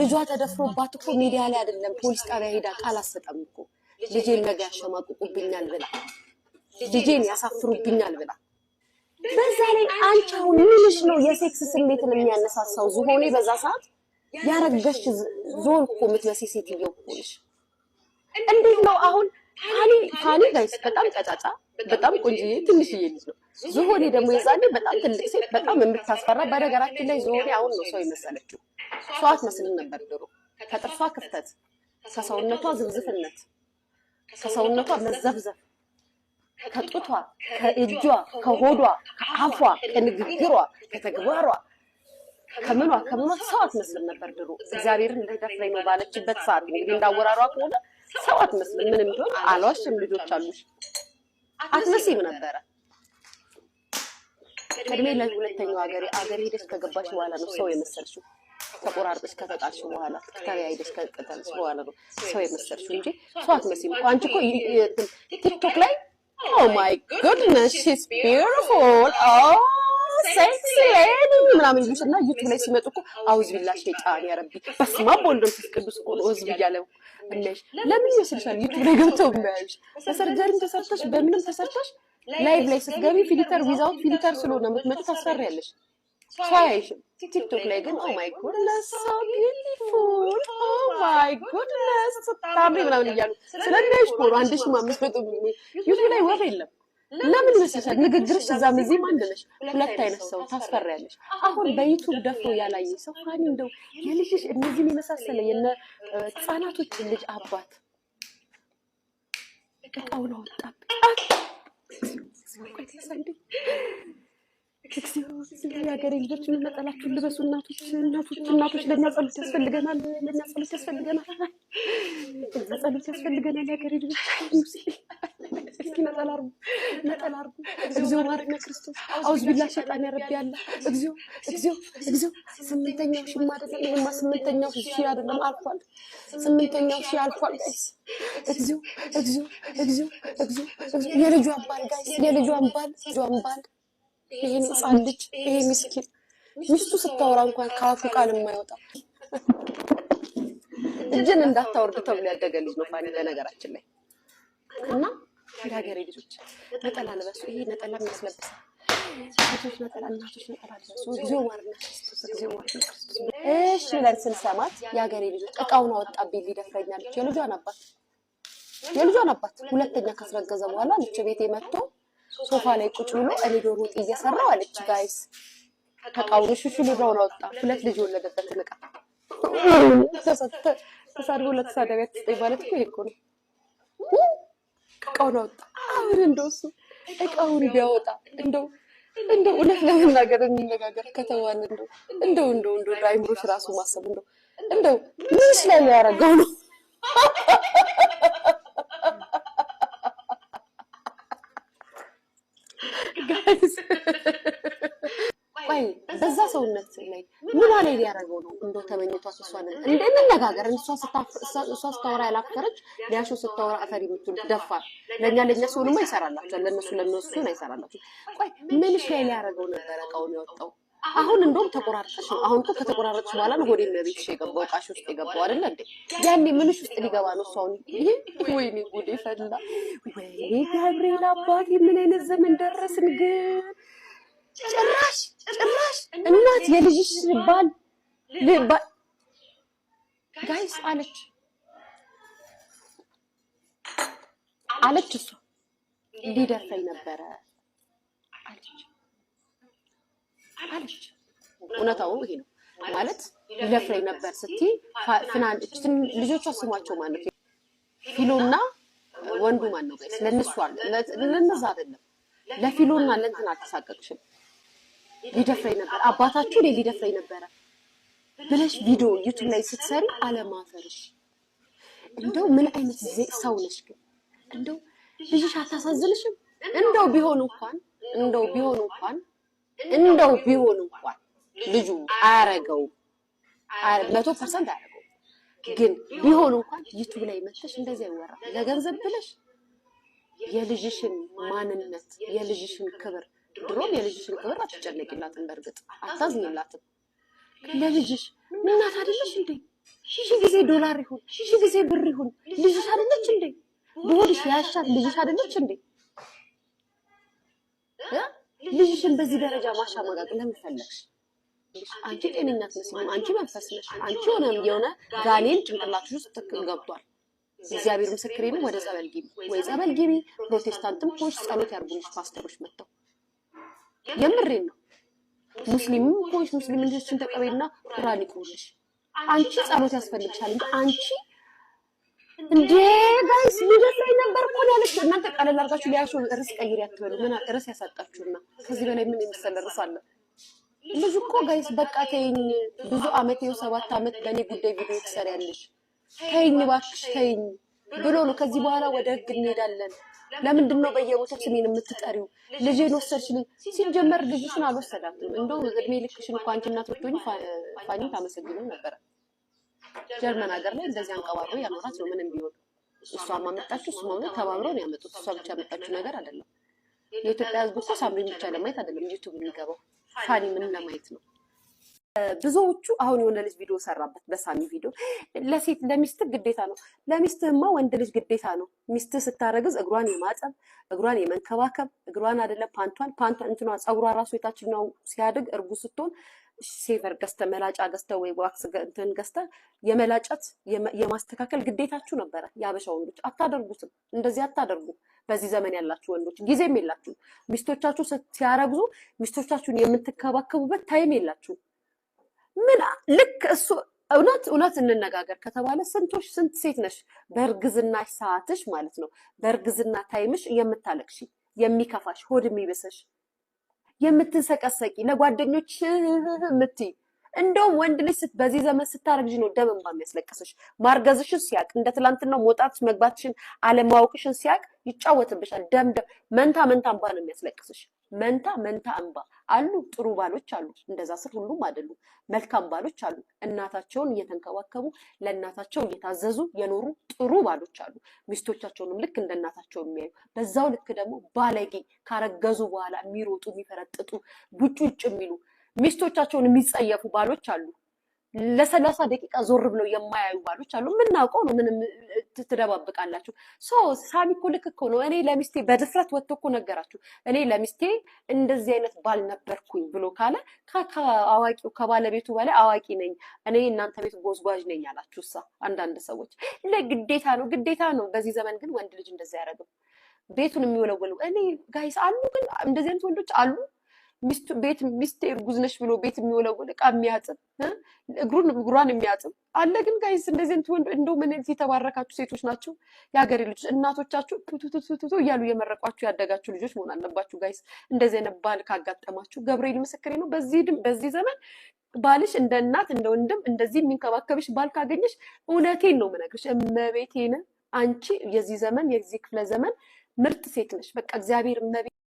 ልጇ ተደፍሮባት እኮ ሚዲያ ላይ አይደለም ፖሊስ ጣቢያ ሄዳ ቃል አሰጠም እኮ ልጄን ነገ ያሸማቅቁብኛል ብላ ልጄን ያሳፍሩብኛል ብላ። በዛ ላይ አንቺ አሁን ምንሽ ነው የሴክስ ስሜትን የሚያነሳሳው? ዝሆኔ በዛ ሰዓት ያረገሽ ዞን እኮ የምትመሲ ሴትዮ እኮ ነሽ። እንዴት ነው አሁን ካሊ ካሊ ጋይስ በጣም ቀጫጫ በጣም ቆንጆዬ ትንሽዬ ልጅ ነው። ዝሆኔ ደግሞ የዛኔ በጣም ትልቅ ሴት፣ በጣም የምታስፈራ። በነገራችን ላይ ዝሆኔ አሁን ነው ሰው የመሰለችው። ሰው አትመስልም ነበር ድሮ። ከጥርሷ ክፍተት፣ ከሰውነቷ ዝብዝፍነት፣ ከሰውነቷ መዘፍዘፍ፣ ከጡቷ፣ ከእጇ፣ ከሆዷ፣ ከአፏ፣ ከንግግሯ፣ ከተግባሯ፣ ከምኗ ከምኗ ሰው አትመስልም ነበር ድሮ። እግዚአብሔርን ልደፍረኝ ነው ባለችበት ሰዓት እንግዲህ እንዳወራሯ ከሆነ ሰው አትመስልም። ምንም ቢሆን አሏሽም ልጆች አሉሽ አትመስይም ነበረ። ቅድሜ ለሁለተኛው ሀገር አገር ሄደች ከገባች በኋላ ነው ሰው የመሰልሽው። ተቆራርጥሽ ከተጣልሽ በኋላ ከተለያይደሽ ከተጣልሽ በኋላ ነው ሰው የመሰልሽው እንጂ ሰው አትመስይም። አንቺ እኮ ቲክቶክ ላይ ኦ ማይ ጉድነስ ሺስ ቢዩቲፉል ኦ ሴክሲ ኤኒ ምናምን ይሉሽ እና ዩቱብ ላይ ሲመጡ እኮ አውዝ ቢላ ሸይጣን ያረቢ በስመ አብ ወወልድ ወመንፈስ ህዝብ እያለው ብለሽ ለምን ይመስልሻል? ዩቱብ ላይ ገብተው የሚያዩሽ በሰርጀሪም ተሰርተሽ በምንም ተሰርተሽ ላይቭ ላይ ስትገቢ ፊልተር ዊዛውት ፊልተር ስለሆነ የምትመጪ ታስፈሪያለሽ። ሰው አያይሽም። ቲክቶክ ላይ ግን ኦ ጉድነስ ሶ ቢዩቲፉል ኦ ጉድነስ ስታምሪ ምናምን እያሉ ስለሚያዩሽ እኮ አንድ ሺህ አምስት መቶ ዩቱብ ላይ ወፍ የለም። ለምን መሰለሽ ንግግርሽ እዛም እዚህ አንድ ነሽ። ሁለት አይነት ሰው ታስፈሪያለሽ። አሁን በዩቱብ ደፍሮ ያላየ ሰው ሀኒ እንደው የልጅሽ እነዚህን የመሳሰለ የነ ህጻናቶች ልጅ አባት እቃውን አወጣብኝ የሀገሬ ልጆች ምን ልበሱ። እናቶች እናቶች እናቶች ለእኛ ጸሎት ያስፈልገናል፣ ለእኛ ጸሎት ያስፈልገናል፣ ለእኛ ጸሎት ያስፈልገናል የሀገሬ ልጆች እስኪ ነጠላ አድርጉ፣ ነጠላ አድርጉ። እግዚኦ ማረነ ክርስቶስ አውዝ ቢላ ሸጣን ያረብ ያለ እግዚኦ፣ እግዚኦ፣ እግዚኦ። ስምንተኛው ሺህ አይደለም፣ ይሄማ ስምንተኛው ሺህ አይደለም፣ አልፏል። ስምንተኛው ሺ አልፏል። እግዚኦ፣ እግዚኦ፣ እግዚኦ፣ እግዚኦ። እግዚኦ። የልጇን ባል ጋይስ፣ የልጇን ባል፣ ልጇን ባል፣ ይሄን ህፃን ልጅ፣ ይሄ ምስኪን ሚስቱ ስታወራ እንኳን ከአፉ ቃል የማይወጣ እጅን እንዳታወርድ ተብሎ ያደገ ልጅ ነው ፋኒ፣ በነገራችን ላይ እና የሀገሬ ልጆች ነጠላ ልበሱ። ይሄ ነጠላ የሚያስለብስ ሴቶች ነጠላ፣ እናቶች ነጠላ ልበሱ። ጊዜው ማርነት ክርስቶስ፣ ጊዜው ማርነት ክርስቶስ። እሺ ብለን ስንሰማት የሀገሬ ልጆች እቃውን አወጣብኝ ሊደፍረኛለች። የልጇን አባት የልጇን አባት ሁለተኛ ካስረገዘ በኋላ ልጅ ቤቴ መጥቶ ሶፋ ላይ ቁጭ ብሎ እኔ ዶሮ ወጥ እየሰራው አለች። ጋይስ ተቃውሞ ሹሹ ሊብራውን አወጣ። ሁለት ልጅ የወለደበትን እቃ ተሳድቦ ለተሳዳቢያ ትስጠኝ ማለት እኮ ይሄ እኮ ነው። እቃውን አወጣ። አሁን እንደው እሱ እቃውን ቢያወጣ እንደው እንደው እውነት ለመናገር እንነጋገር ከተዋን እንደው እንደው እንደው እንደው ለአይምሮሽ ራሱ ማሰብ እንደው እንደው ምንሽ ላይ ያደረገው ነው? ጋይስ ሰውነት ላይ ምን ላይ ሊያደርገው ነው? እንዶ ተመኝቷ እንደ እንደምነጋገር እሷ ስታወራ ያላፈረች ሊያሾ ስታወራ አፈሪ የምትል ደፋር ለእኛ ለእኛ ሰውንማ ይሰራላቸዋል፣ ለእነሱ ለእነሱን አይሰራላቸው። ቆይ ምንሽ ላይ ሊያደርገው ነበረ እቃውን ያወጣው? አሁን እንደውም ተቆራረጠች ነው። አሁን እኮ ከተቆራረጠች በኋላ ነው ሆዴ ቤትሽ የገባው እቃሽ ውስጥ የገባው አይደለ እንዴ? ያኔ ምንሽ ውስጥ ሊገባ ነው እሱ? ይህ ይሄ ወይኔ ጉዴ ፈላ። ወይኔ ገብርኤል አባቴ ምን አይነት ዘመን ደረስን ግን ጭራሽ እናት የልጅሽ ባል ጋይስ አለች አለች እሷ ሊደርሰኝ ነበረ አለች አለች። እውነታው ይሄ ነው ማለት ሊደፍረኝ ነበር ስቲ ልጆቿ ስሟቸው ማን ነው? ፊሎና ወንዱ ማን ነው? ጋይስ ለነሱ አለ ለነዛ አይደለም። ለፊሎና ለእንትን አልተሳቀቅሽም። ሊደፍረኝ ነበር፣ አባታችሁ እኔ ሊደፍረኝ ነበረ ብለሽ ቪዲዮ ዩቱብ ላይ ስትሰሪ አለማፈርሽ። እንደው ምን አይነት ሰው ነሽ ግን? እንደው ልጅሽ አታሳዝንሽም? እንደው ቢሆን እንኳን እንደው ቢሆን እንኳን እንደው ቢሆን እንኳን ልጁ አያረገውም፣ መቶ ፐርሰንት አያረገውም። ግን ቢሆን እንኳን ዩቱብ ላይ መተሽ እንደዚህ አይወራ ለገንዘብ ብለሽ የልጅሽን ማንነት የልጅሽን ክብር ድሮም የልጅሽን ክብር አትጨነቂላትም፣ በእርግጥ አታዝኝላትም። ለልጅሽ እናት አይደለሽ እንዴ? ሺህ ጊዜ ዶላር ይሁን ሺህ ጊዜ ብር ይሁን ልጅሽ አይደለች እንዴ? በሆድሽ ያሻት ልጅሽ አይደለች እንዴ? ልጅሽን በዚህ ደረጃ ማሸማቀቅ ለምን ፈለግሽ? አንቺ ጤነኛ አትመስልም። አንቺ መንፈስ ነሽ። አንቺ ሆነም የሆነ ጋኔን ጭንቅላትሽ ውስጥ ትክክል ገብቷል። እግዚአብሔር ምስክሬንም ወደ ጸበል ጊቢ ወይ ጸበል ጊቢ ፕሮቴስታንትም ሆንሽ ጸሎት ያርጉልሽ ፓስተሮች መጥተው የምሬን ነው። ሙስሊምም ኮንሽ ሙስሊም ልጆችን ተቀበይና ቁርአን ይቁልሽ። አንቺ ጸሎት ያስፈልግሻል እንጂ አንቺ እንዴ ጋይስ ሊደርሰኝ ነበር እኮ ያለች እናንተ ቀለል አድርጋችሁ ሊያችሁ ርዕስ ቀይር ያትበሉ ምን ርዕስ ያሳጣችሁና ከዚህ በላይ ምን የሚሰለ ርዕስ አለ? ልጅ እኮ ጋይስ በቃ ተይኝ። ብዙ አመት ይኸው ሰባት አመት በእኔ ጉዳይ ቪዲዮ ትሰሪያለሽ። ተይኝ እባክሽ ተይኝ ብሎ ነው ከዚህ በኋላ ወደ ህግ እንሄዳለን ለምንድን ነው በየቦታ ስሜን የምትጠሪው? ልጄን ወሰድሽልኝ። ሲጀመር ልጅሽን አልወሰዳትም። እንደው እድሜ ልክሽን እኮ አንቺ እናት ፋኒ ታመሰግኑ ነበረ። ጀርመን ሀገር ላይ እንደዚህ አንቀባብሮ ያኖራት ነው ምንም ቢሆን እሷ ማመጣችሁ እሱ መሆኑ ተባብሮ ነው ያመጡት። እሷ ብቻ ያመጣችሁ ነገር አይደለም። የኢትዮጵያ ሕዝብ እኮ ሳምሪን ብቻ ለማየት አይደለም ዩቱብ የሚገባው ፋኒ ምን ለማየት ነው። ብዙዎቹ አሁን የሆነ ልጅ ቪዲዮ ሰራበት በሳሚ ቪዲዮ ለሴት ለሚስትህ ግዴታ ነው። ለሚስትህማ ወንድ ልጅ ግዴታ ነው። ሚስትህ ስታረግዝ እግሯን የማጠብ እግሯን የመንከባከብ እግሯን አይደለም ፓንቷን ፓንቷን እንትኗ ፀጉሯ ራሱ የታችኛው ሲያድግ እርጉ ስትሆን ሴቨር ገዝተ መላጫ ገዝተ ወይ ዋክስ እንትን ገዝተ የመላጨት የማስተካከል ግዴታችሁ ነበረ። የአበሻ ወንዶች አታደርጉትም፣ እንደዚህ አታደርጉም። በዚህ ዘመን ያላችሁ ወንዶች ጊዜም የላችሁ። ሚስቶቻችሁ ሲያረግዙ ሚስቶቻችሁን የምትከባከቡበት ታይም የላችሁ። ምን ልክ እሱ እውነት እውነት እንነጋገር ከተባለ ስንቶች ስንት ሴት ነሽ በእርግዝና ሰዓትሽ ማለት ነው፣ በእርግዝና ታይምሽ የምታለቅሽ የሚከፋሽ፣ ሆድ የሚብስሽ፣ የምትንሰቀሰቂ፣ ለጓደኞች ምትይ እንደውም ወንድ ልጅ በዚህ ዘመን ስታረግዥ ነው ደም እንባ የሚያስለቅስሽ። ማርገዝሽን ሲያቅ እንደ ትላንትናው መውጣት መግባትሽን አለማወቅሽን ሲያቅ ይጫወትብሻል። ደም ደም መንታ መንታ እንባ ነው የሚያስለቅስሽ። መንታ መንታ እንባ አሉ። ጥሩ ባሎች አሉ፣ እንደዛ ስል ሁሉም አይደሉም። መልካም ባሎች አሉ፣ እናታቸውን እየተንከባከቡ ለእናታቸው እየታዘዙ የኖሩ ጥሩ ባሎች አሉ። ሚስቶቻቸውንም ልክ እንደ እናታቸው የሚያዩ በዛው ልክ ደግሞ ባለጌ ካረገዙ በኋላ የሚሮጡ የሚፈረጥጡ ቡጭ ውጭ የሚሉ ሚስቶቻቸውን የሚጸየፉ ባሎች አሉ። ለሰላሳ ደቂቃ ዞር ብለው የማያዩ ባሎች አሉ። የምናውቀው ነው። ምንም ትደባብቃላችሁ። ሳሚ እኮ ልክ እኮ ነው። እኔ ለሚስቴ በድፍረት ወጥቶ እኮ ነገራችሁ። እኔ ለሚስቴ እንደዚህ አይነት ባል ነበርኩኝ ብሎ ካለ ከአዋቂው ከባለቤቱ በላይ አዋቂ ነኝ እኔ እናንተ ቤት ጎዝጓዥ ነኝ አላችሁ። እሳ አንዳንድ ሰዎች ለግዴታ ነው ግዴታ ነው። በዚህ ዘመን ግን ወንድ ልጅ እንደዚህ አያደርግም። ቤቱን የሚወለወለው እኔ ጋይስ አሉ። ግን እንደዚህ አይነት ወንዶች አሉ። ቤት ሚስቴ እርጉዝ ነች ብሎ ቤት የሚውለው እቃ የሚያጥብ እግሩን እግሯን የሚያጥብ አለ። ግን ጋይስ እንደዚህ እንትን ወንዶ እንደው ምን የተባረካችሁ ሴቶች ናቸው የሀገሬ ልጆች። እናቶቻችሁ ቱቱቱቱቱ እያሉ እየመረቋችሁ ያደጋችሁ ልጆች መሆን አለባችሁ ጋይስ። እንደዚህ አይነት ባል ካጋጠማችሁ ገብርኤል ምስክሬ ነው። በዚህ ዘመን ባልሽ እንደ እናት እንደ ወንድም እንደዚህ የሚንከባከብሽ ባል ካገኘሽ እውነቴን ነው የምነግርሽ እመቤቴን አንቺ የዚህ ዘመን የዚህ ክፍለ ዘመን ምርጥ ሴት ነሽ። በቃ እግዚአብሔር እመቤ